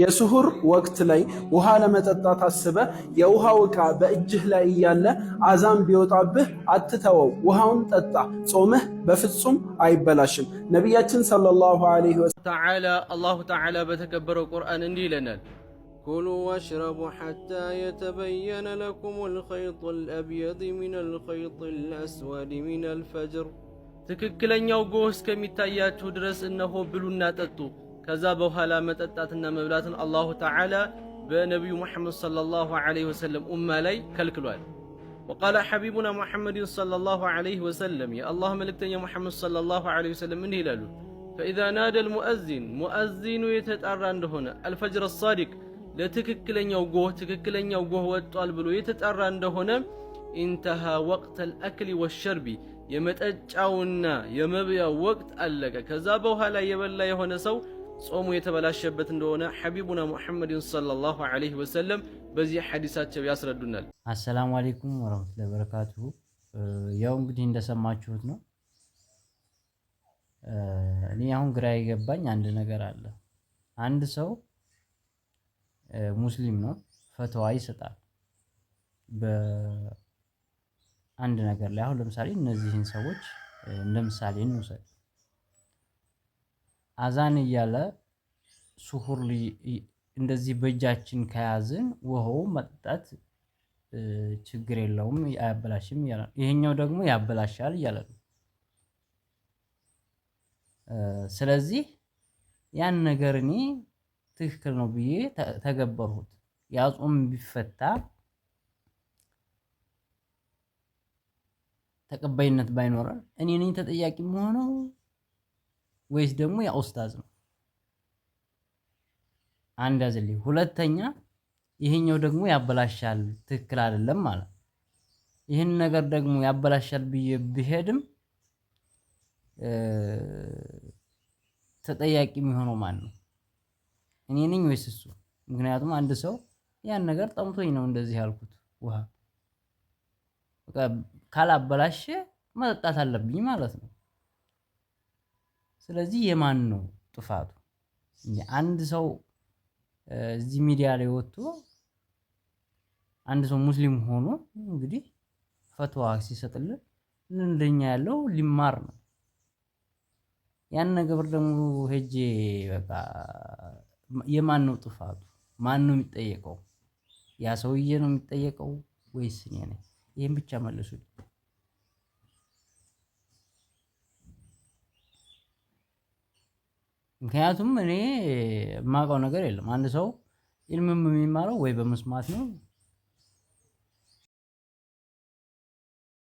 የስሁር ወቅት ላይ ውሃ ለመጠጣት አስበ የውሃው ዕቃ በእጅህ ላይ እያለ አዛም ቢወጣብህ አትተወው፣ ውሃውን ጠጣ። ጾምህ በፍጹም አይበላሽም። ነቢያችን ሰለላሁ ዐለይሂ ወሰለም አላሁ ተዓላ በተከበረው ቁርአን እንዲህ ይለናል ኩሉ ወሽረቡ ሐታ የተበየነ ለኩም አልኸይጡል አብየድ ሚነል ኸይጢል አስወድ ሚነል ፈጅር፣ ትክክለኛው ጎህ እስከሚታያችሁ ድረስ እነሆ ብሉና ጠጡ ከዛ በኋላ መጠጣትና መብላትን አላሁ ተዓላ በነቢዩ ሙሐመድ ሰለላሁ ዐለይሂ ወሰለም ኡማ ላይ ከልክሏል። ወቃለ ሐቢቡና ሙሐመድን ሰለላሁ ዐለይሂ ወሰለም የአላህ መልእክተኛ ሙሐመድ ሰለላሁ ዐለይሂ ወሰለም እንዲህ ይላሉ፣ ፈኢዛ ናደል ሙአዚን ሙአዚኑ የተጣራ እንደሆነ አልፈጅር አሳዲቅ ለትክክለኛው ጎህ ትክክለኛው ጎህ ወጥቷል ብሎ የተጣራ እንደሆነ ኢንተሃ ወቅተል አክሊ ወሸርቢ የመጠጫውና የመብያው ወቅት አለቀ። ከዛ በኋላ የበላ የሆነ ሰው ጾሙ የተበላሸበት እንደሆነ ሐቢቡና ሙሐመድን ሰለላሁ ዐለይሂ ወሰለም በዚህ ሐዲሳቸው ያስረዱናል። አሰላሙ አሌይኩም ወረሕመቱላሂ ወበረካቱሁ። ያው እንግዲህ እንደሰማችሁት ነው። እኔ አሁን ግራ የገባኝ አንድ ነገር አለ። አንድ ሰው ሙስሊም ነው፣ ፈተዋ ይሰጣል በአንድ ነገር ላይ። አሁን ለምሳሌ እነዚህን ሰዎች እንደምሳሌ እንውሰድ። አዛን እያለ ሱሁር እንደዚህ በእጃችን ከያዝን ውሃው መጠጣት ችግር የለውም አያበላሽም እያለ ነው። ይሄኛው ደግሞ ያበላሻል እያለ ነው። ስለዚህ ያን ነገር እኔ ትክክል ነው ብዬ ተገበርሁት። ያጾም ቢፈታ ተቀባይነት ባይኖረን እኔ ነኝ ተጠያቂ መሆነው ወይስ ደግሞ ያ ኡስታዝ ነው? አንድ ያዝልኝ። ሁለተኛ ይሄኛው ደግሞ ያበላሻል፣ ትክክል አይደለም ማለት ይህን ነገር ደግሞ ያበላሻል ብዬ ብሄድም ተጠያቂ የሚሆነው ማን ነው? እኔ ነኝ ወይስ እሱ? ምክንያቱም አንድ ሰው ያን ነገር ጠምቶኝ ነው እንደዚህ ያልኩት ውሃ ካላበላሸ መጠጣት አለብኝ ማለት ነው። ስለዚህ የማን ነው ጥፋቱ? አንድ ሰው እዚህ ሚዲያ ላይ ወጥቶ አንድ ሰው ሙስሊም ሆኖ እንግዲህ ፈትዋ ሲሰጥልን እንደኛ ያለው ሊማር ነው። ያን ነገር ደግሞ ሄጄ በቃ የማን ነው ጥፋቱ? ማን ነው የሚጠየቀው? ያ ሰውዬ ነው የሚጠየቀው ወይስ እኔ ነኝ? ይህን ብቻ መልሱልኝ። ምክንያቱም እኔ የማውቀው ነገር የለም። አንድ ሰው ኢልምም የሚማረው ወይ በመስማት ነው